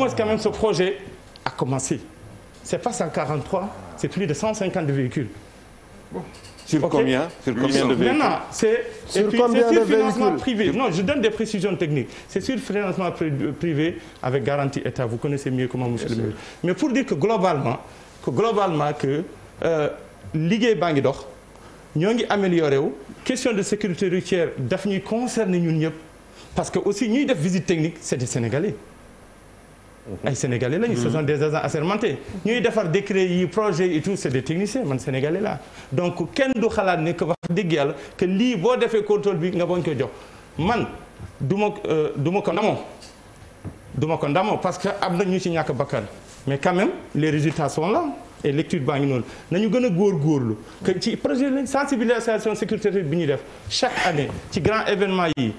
suppose quand même ce projet a commencé. C'est pas 143, c'est plus de 150 véhicules. Bon. Sur okay. combien Sur combien de véhicules Maintenant, c'est sur, puis, de financement véhicules? privé. Non, je donne des précisions techniques. C'est sur financement euh, privé avec Mais pour dire que globalement, que globalement euh, liggéey baa ngi dox ñoo ngi amélioré wu question de sécurité routière daf ñuy concerner ñun ñëpp parce que aussi ñuy def visite technique c'est des Mhm. ay sénégalais lañu. ce sont des agents mante ñuy defar décret yi projet et tout c' est des man sénégalais laa donc kenn du xalaat ne que wax dëgg yàlla que lii boo defee contrôle bi nga bañ ko jox man du ma euh, du ma ko ndamoo du ma ko ndamoo parce que am na ñu ci ñàkk bakkan mais quand les résultats la là. baa ngi noonu nañu gën a góorgóorlu que ci projet sensibilisation sécuritaire bi ñuy def chaque année ci grand événement yi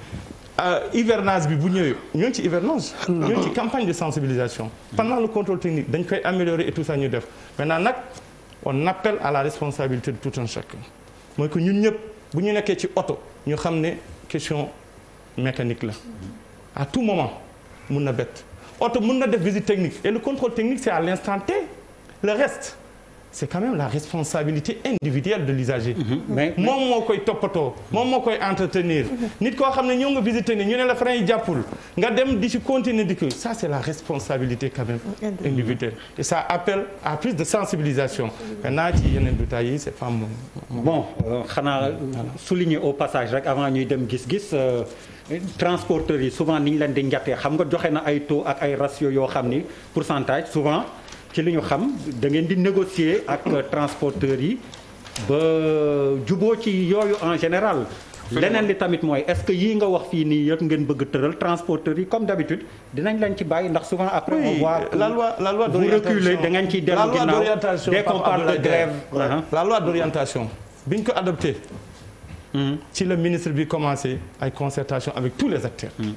Euh, hivernage bi bu ñëwee ñoo ngi ci hivernage. ñoo ngi ci campagne de sensibilisation. pendant le contrôle technique dañ koy améliorer et tout ça ñu def maintenant nag on appelle à la responsabilité de tout un chacun mooy que ñun ñëpp bu ñu nekkee ci oto ñu xam ne question mécanique la à tout moment mun na bett oto mun na def visite technique et le contrôle technique c'est à l'instant T le rest c'est quand même la responsabilité individuelle de l'usager mhm. Mhm. moom moo koy toppatoo moom moo koy entretenir mhm. nit koo xam ne ñëw nga visiter ni ñu ne la frein yi jàppul nga dem di ci continuer di ko ça la responsabilité quand même individuelle et ça appelle à plus de sensibilisation maintenant ci yeneen détails yi c'est pas moom bon euh, xanaa souligner au passage rek avant ñuy dem gis-gis euh, transporteurs yi souvent ni ñu leen di njattee xam nga joxe na ay taux ak ay ratio yoo xam ni pour pourcentage souvent ci li ñu xam da ngeen di négocier ak transporteur yi ba juboo ci yooyu en général. leneen li tamit mooy est-ce que yii nga wax fii nii yëpp ngeen bëgg tëral transporteurs yi comme d'habitude dinañ leen ci bàyyi ndax souvent après on voit la loi la loi d'orientation vous reculez ngeen ciy dellu ginnaaw dès qu'on parle de grève uh-huh. la loi d'orientation biñ ko adopté hmm. ci la ministre bi commencé ay concertation avec tous les acteurs hmm.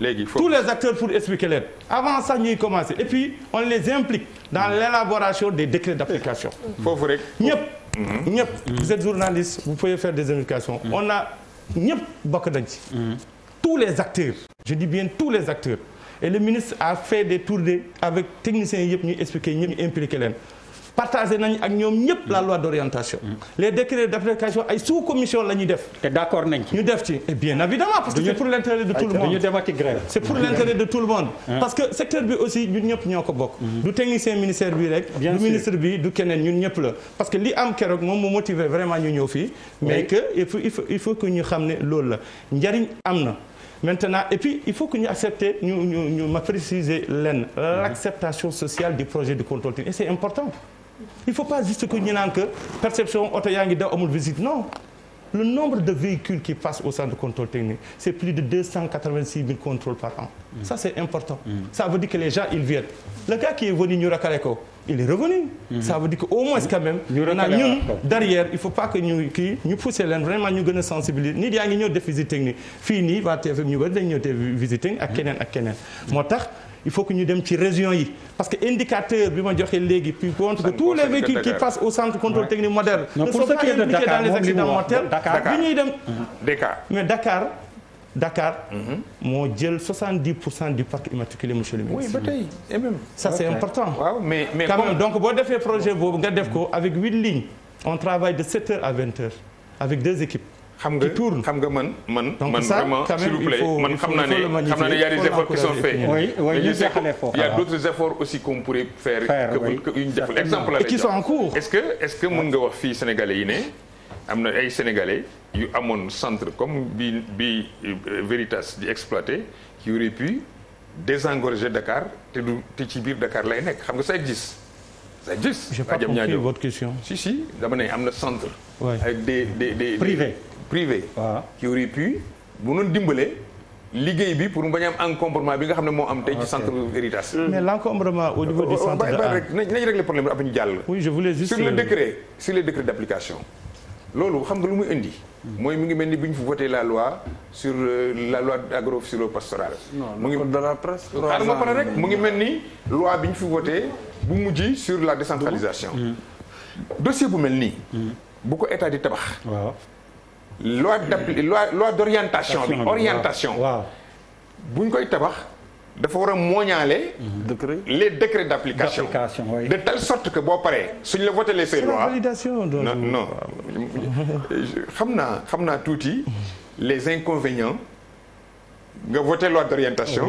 léegi tous les acteurs pour expliquer leen avant sax ñuy commencer et puis on les implique dans l'élaboration des décrets d'application. foofu rek ñëpp. Mhm. ñëpp vous êtes journaliste vous pouvez faire des indications. Mhm. on a ñëpp bokk nañ ci. Mhm. tous les acteurs. je dis bien tous les acteurs. et le ministre a fait des tournées avec techniciens yëpp ñu expliquer ñëpp ñu impliqué leen. partagé nañ ak ñoom ñëpp la loi d'orientation. Mm. les décrets d'application ay sous commission la ñuy def. te d'accord nañ ci ñu def ci. et bien évidemment parce que c'est pour l'intérêt de tout le monde. c'est pour l'intérêt de tout le monde. parce que secteur bi aussi ñun ñëpp ñoo ko bokk. Mm. du technicien ministère bi rek. du ministre bi du keneen ñun ñëpp la. parce que li am keroog moom moo motiver vraiment ñu ñëw fii. mais que il faut que ñu xam ne loolu la njariñ am na. maintenant et puis il faut que ñu accepter ñu ñu ñu ma préciser leen mm. l'acceptation sociale du projet de contrôle technique important il faut pas juste que ñu naan que perception oto yaa ngi daw amul visite non le nombre de véhicules qui passent au centre de contrôle technique c'est plus de 286 000 contrôles par an mm. ça c'est important mm. ça veut dire que les gens ils viennent le gars qui est venu ñu rakale ko il est revenu mm. ça veut dire que au moins quand même na ñun derrière il faut pas que ñu kii ñu pousser leen vraiment ñu gën a sensibiliser nit yaa ngi ñëw def visite technique fii nii waa TFM ñu bari ak keneen ak keneen moo tax il faut que ñu dem ci région yi parce que indicateur bi ma joxe léegi puis montre que tous les véhicules qui passent au centre contrôle technique moderne ne sont pas impliqués dans les accidents mortels Dakar mhm. moo jël 70 pour cent du parc immatriculé monsieur le ministre. oui c'est important. mais mais quand donc boo defee projet boobu nga def ko avec huit lignes. on travaille de 7 heures à 20 heures avec deux équipes. xam nga xam nga man man man vraiment s'il vous plaît man xam naa ne xam naa ne y a des efforts qui sont faits. mais a d'autres efforts aussi qu'on faire. que yu ñu deful exemple la qui sont en cours. est-ce que est nga wax fii sénégalais yi ne am na ay sénégalais yu amoon centre comme bi bi euh, Veritas di exploité qui aurait pu désengorger Dakar te du te ci biir Dakar lay nekk xam nga ça existe. ça existe. j'ai pas compris si si dama ne am na centre. avec des des des privés. privé. waaw ah. qui aurait pu bu noonu dimbalee liggéey bi pour mu bañ am encombrement bi nga xam ne moo am tey ci centre Veritas. Hmm. mais l'encombrement au niveau du centre de rek nañ régler problème bi après loolu xam nga lu muy indi. Hmm. mooy mi ngi mel ni bu ñu voté la loi sur euh, la loi agro-silvopastorale. mu ngi dara presque. xaaral ma pare mu ngi mel ni loi bi ñu fi voté bu mujj sur la décentralisation. Hmm. dossier bu mel nii. bu ko état di tabax. loi d' loi loi d' orientation bu ñu koy tabax dafa war a mooñaale mhm. les décrets d' application de telle sorte que boo paree suñ la voté les ces lois non non xam naa xam naa tuuti mhm. les inconvénients nga voté loi d' orientation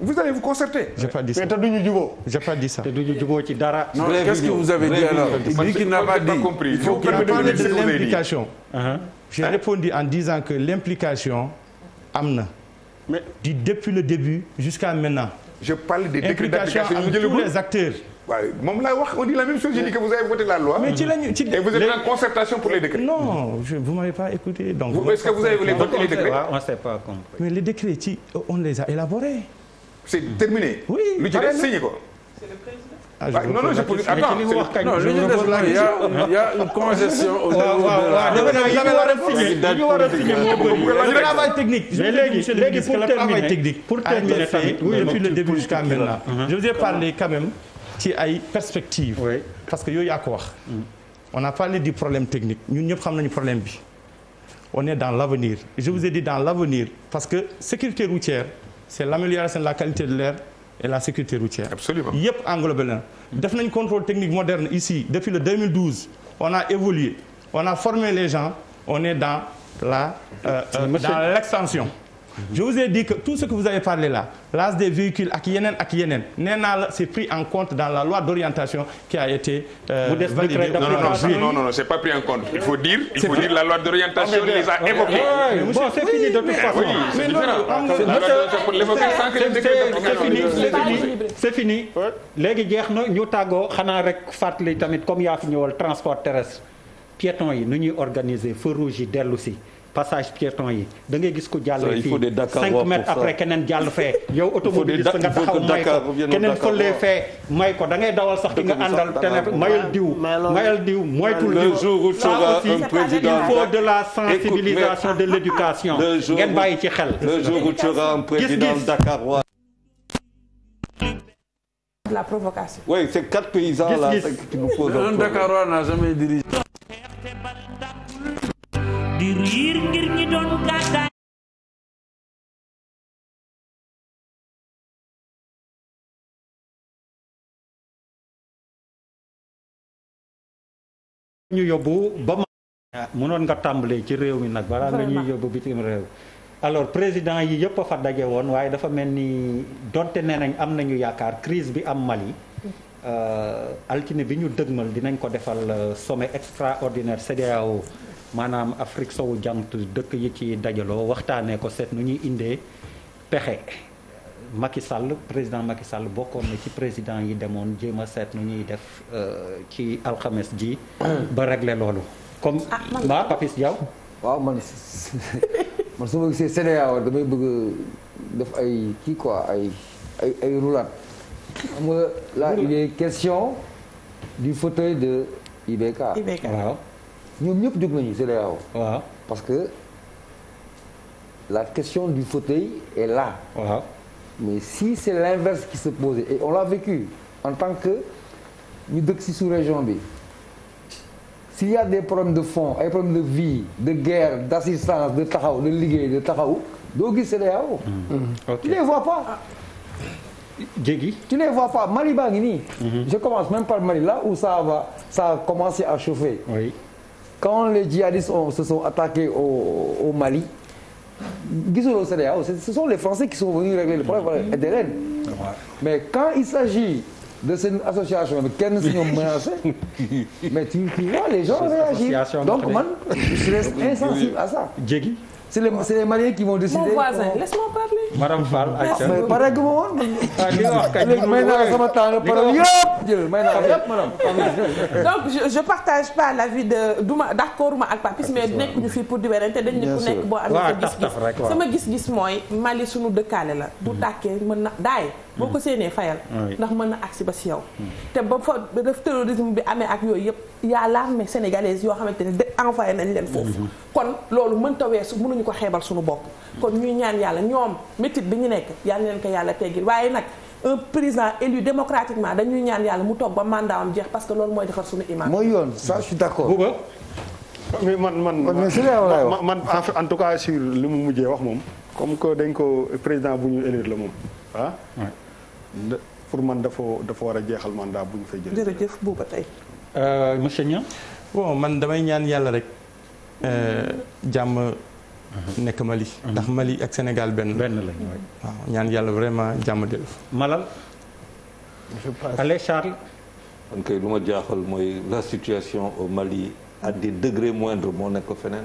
vous allez vous concerter. j'ai pas dit ça mais te duñu jubóo. j'ai pas dit ça te duñu jubóo ci dara. non qu'est-ce que vous avez dit alors lui qui n'a pas dit il faut qu'il parle de l'implication. Uh-huh. j'ai répondu en disant que l'implication am na. mais du depuis le début jusqu'à maintenant. je parle des décrets d'application implication avec tous les acteurs. waaw moom laay wax on dit la même chose j'ai dit que vous avez voté la loi. mais ci lañu ci et vous êtes en concertation pour les décrets. non je vous m'avez pas écouté donc. est-ce que vous avez voté les décrets. on s'est pas compris. mais les décrets ci on les a élaborés. c'est terminé. oui lu ci des signé ko. c'est le président. ah je non non je peux attends non lu ci des il y a une congestion au niveau de la. ñu war a signé mu travail technique. mais léegi léegi pour terminer technique pour ah, terminer tamit oui depuis le début jusqu'à maintenant uh-huh. je vous ai parlé quand même ci ay perspectives. parce que yooyu yaa ko wax. Mm. on a parlé du problème technique ñun ñëpp xam nañu problème bi. on est dans l'avenir je vous ai dit dans l'avenir parce que sécurité routière. c'est l'amélioration de la qualité de l'air et la sécurité routière. absolument yëpp englobé na. def nañ contrôle technique moderne ici depuis le 2012 on a évolué on a formé les gens on est dans la euh, euh, l'extension je vous ai dit que tout ce que vous avez parlé là l'âge des véhicules ak yeneen ak yeneen nee naa la c'est en compte dans loi d'orientation qui a été euh, validée non non non, non, non c'est pas pris en compte il faut dire il faut dire la loi d'orientation ah, les a évoqués c'est fini de jeex na ñu tàggoo xanaa rek fàttali tamit comme yaa fi ñëwal transport terrestre piétons yi nu ñuy organiser feu rouge yi dellu si passage piéton yi da ngay gis ko jàllee fii 5 mètres après keneen jàll fee yow automobiliste nga taxaw may ko keneen fëlee fee may ko da ngay dawal sax ki nga àndal tene mayal diw mayal diw moytul diw ça aussi il faut de la sensibilisation de l'éducation ngeen bàyyi ci xel gis-gis la provocation. Oui, c'est quatre paysans là qui nous posent. Un Dakarois n'a jamais dirigé. di riir ngir ñi doon gàddaay ñu yóbbu ba ma mënoon nga tàmbalee ci réew mi nag balaa nga yóbbu bitim réew alors président yi yëpp a fa daje woon waaye dafa mel ni donte nee nañ am nañu yaakaar crise bi am Mali euh, altine bi ñu dëgmal dinañ ko defal euh, sommet extraordinaire CEDEAO maanaam Afrique sowu jant dëkk yi ci dajaloo waxtaanee ko seet nu ñuy indee pexe Macky Sall président Macky Sall bokkoon na ci président yi demoon jéem a seet nu ñuy def euh, ci alxames ji. ba régler loolu. comme ah, ma Papis Diaw. waaw man man su ma gisee CEDEAO damay bëgg def ay kii quoi ay ay ay roulade. xam nga là question du fauteuil de IBK. IBK waaw. ñoom ñëpp jóg nañu CEDEAO waaw parce que la question du fauteuil est là mais si c'est l'inverse qui se pose et on l'a vécu en tant que ñu dëkk ci sous-région bi s'il y a des problèmes de fonds ay problèmes de vie de guerre d'assistance de taxaw de liggéey de taxaw doo gis CEDEAO mm-hmm. tu les tu les vois pas Mali baa ngi nii mm-hmm. je commence même par Mali là où ça va ça commencé à chauffer oui. quand les djihadistes ont, se sont attaqués au, au Mali, gisuloo CEDEAO ce sont les Français qui sont venus régler le problème mm-hmm. et mais quand il s'agit de sen association bi kenn si ñoom menacé mais tu tu vois les gens donc man je insensible à ça. jéggi c'est les c'est les Maliens qui vont décider. mon voisin madame Fall ak. mais ma woon. ah li nga wax kay may naa sama temps pare yëpp jël may naa yëpp madame. donc de du ma d' accord ma ak Papis mais nekkuñu fii pour di werante dañ ne ku nekk boo amee sa gis-gis sama gis-gis mooy Mali suñu dëkkaale la. bu mm. tàkkee mën na daay. boo ko séenee fayal. ndax mën na agsi ba si yow. Mm. te ba fa ba def bi amee ak yooyu yëpp y a l'armée sénégalaise yoo xamante ne de envoyé nañ leen foofu. Mm-hmm. kon loolu mënta weesu mënuñu ko xeebal suñu bopp. kon ñuy ñaan yàlla ñoom métit bi ñu nekk yàlla na ko yàlla teggil waaye nag un président élu démocratiquement dañuy ñaan yàlla mu toog ba mandat am jeex parce que loolu mooy defar suñu image. mooy yoon ça je suis d'accord. mais man man man en tout cas sur li mu mujjee wax moom comme que dañ ko président bu ñu élire la moom ah. pour man dafa dafa war a jeexal mandat bu ñu fay jël. jërëjëf booba tey. Euh, monsieur Niang. bon man damay ñaan yàlla rek euh, jàmm. nekk Mali. ndax Mali ak Sénégal benn. benn lañ waaw ñaan yàlla vraiment jàmm dellu. Malal. je pense allez Charles. kon kay lu ma jaaxal mooy la situation au Mali à des degrés moindres moo nekk feneen.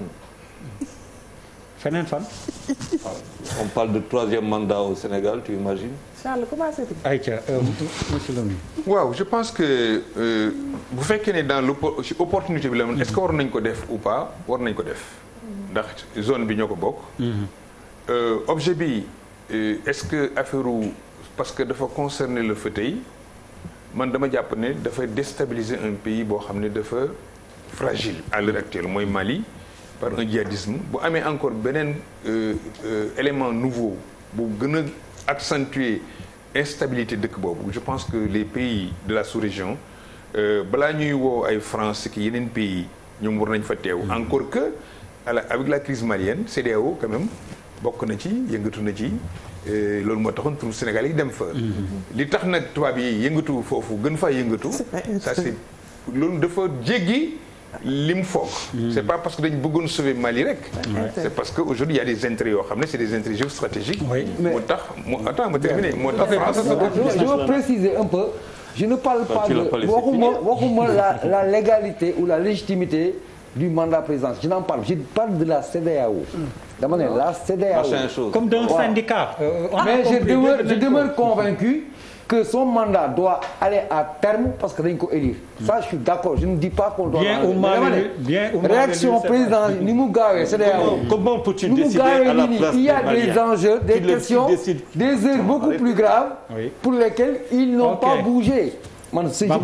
feneen fan. on parle de troisième mandat au Sénégal tu imagines. Charles comment c'est Aïcha euh, monsieur Lamine. waaw je pense que euh, bu fekkee ne dans l'opportunité bi la est-ce que war nañ ko def ou pas war nañ ko def. ndax zone bi ñoo ko bokk. Mhm. Euh, objet bi euh, est-ce que affaire parce que dafa concerner le fauteuil man dama jàpp ne dafa déstabiliser un pays boo xam ne dafa fragile à l'heure actuelle mooy Mali par un djihadisme bu amee encore beneen euh, élément nouveau bu gën a accentuer instabilité dëkk boobu je pense que les pays de la sous-région balaa ñuy woo ay France ki yeneen pays ñoom war nañ fa teew mhm. encore que avec la crise malienne CEDEAO quand même bokk na ci yëngatu na ci euh, loolu moo taxoon pour Sénégal yi dem fa. Mm-hmm. Mm-hmm. li tax nag tubaab yi yëngatu foofu gën fa yëngatu. ça c'est loolu dafa jéggi lim foog. Mm-hmm. c'est pas parce que dañ bëggoon sauver Mali rek. c'est parce que aujourd'hui il y a des intérêts yoo xam ne c'est des intérêts géostratégiques. oui mais moo tax moo ma terminer moo tax. je veux préciser un peu. je ne parle pas de waxuma la légalité ou la légitimité. du mandat présidentiel je n'en parle de la CEDEAO. dama ne la CEDEAO. comme d'un syndicat. Euh, on ah, mais je demeure je demeure convaincu que son mandat doit aller à terme parce que dañ ko élire. ça je ne dis pas qu'on doit. bien réaction président ni mu gaawee il y a des enjeux des questions des heures beaucoup plus graves. pour lesquelles ils n'ont pas bougé. man si oh,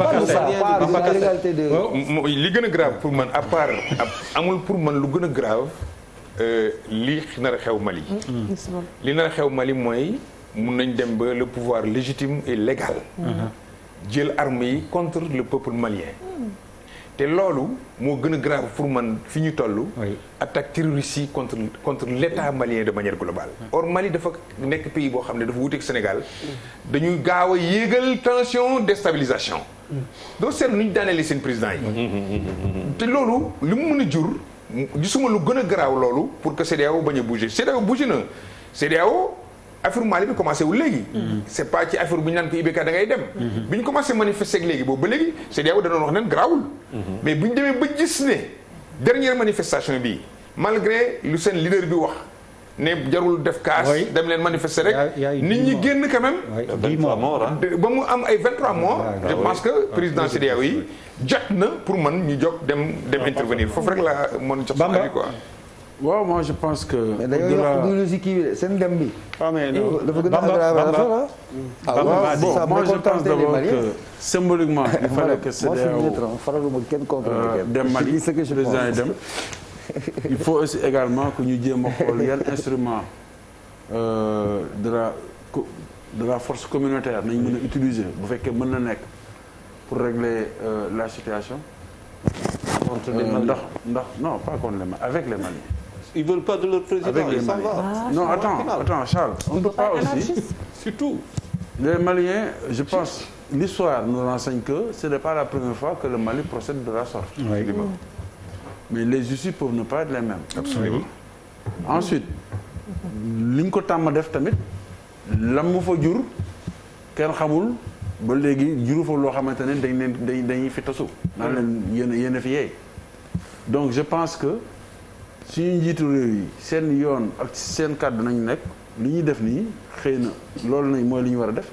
li gën a grave pour man à part amul pour man lu gën a grave euh, li nar a xew Mali. Mm. Mm. li nar a xew Mali mooy mun nañ dem ba le pouvoir légitime et légal. Mm. jël armes contre le peuple malien. te loolu moo gën a grave pour man fi ñu toll. attaque terroriste yi contre contre l' état malien de manière globale. or Mali dafa nekk pays boo xam ne dafa wuteeg Sénégal. dañuy gaaw a yéegal tension stabilisation doo seetlu lu ñu daanelee seen président yi. te loolu li mu mën a jur suma lu gën a grave loolu pour que CEDEAO bañ a bouger CEDEAO bougé na CEDEAO affaire Mali bi commencé wul léegi. Mhm. c' est pas ci affaire bu ñu naan ko IBK da ngay dem. Mhm. bi ñu commencé manifester ak léegi boobu ba léegi CEDEAO da wax naan garaawul. Mhm. mais bu ñu demee ba gis ne dernière manifestation bi malgré lu seen leader bi wax. ne jarul def kaas. dem leen manifester rek. nit ñi génn quand même. dix mois ba mu am ay 23 mois. Ah, je ah, pense que président ah, CEDEAO yi jot na pour man ñu jóg dem dem intervenir foofu rek la mën jox quoi. waaw moi je pense que. mais seen dem bi. ah mais non Bamba Bamba bon ah, moi je pense d'abord que symboliquement il fallait que CEDEAO euh, dem Mali président yi dem il faut aussi également que ñu jéem a xool yan instrument euh, de la force communautaire nañ mën a utiliser bu fekkee mën na nekk pour régler euh, la situation. contre les Maliens ndax ndax non pas contre les Maliens avec les Maliens. ils veulent pas de leur président ils s'en vont. Ah, non attends attends Charles. on ne peut pas aussi les Maliens je pense l'histoire nous renseigne que ce n'est pas la première fois que le Mali procède de la sorte. Oui. mais les issues peuvent ne pas être les mêmes. absolument. ensuite li ñu ko tàmm def tamit lam mu fa jur kenn xamul ba léegi juru fa loo xamante ne dañ leen dañ dañuy fi tasu. naan leen yéen a fi yeey donc je pense que. suñu njiitu réew yi seen yoon ak seen kàddu nañu nekk li ñuy def nii xëy na loolu nañ mooy li ñu war a def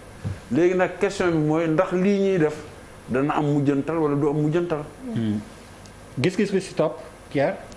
léegi nag question bi mooy ndax lii ñuy def dana am mujjantal wala du am mujjantal. Hmm. gis-gis bi si topp Pierre.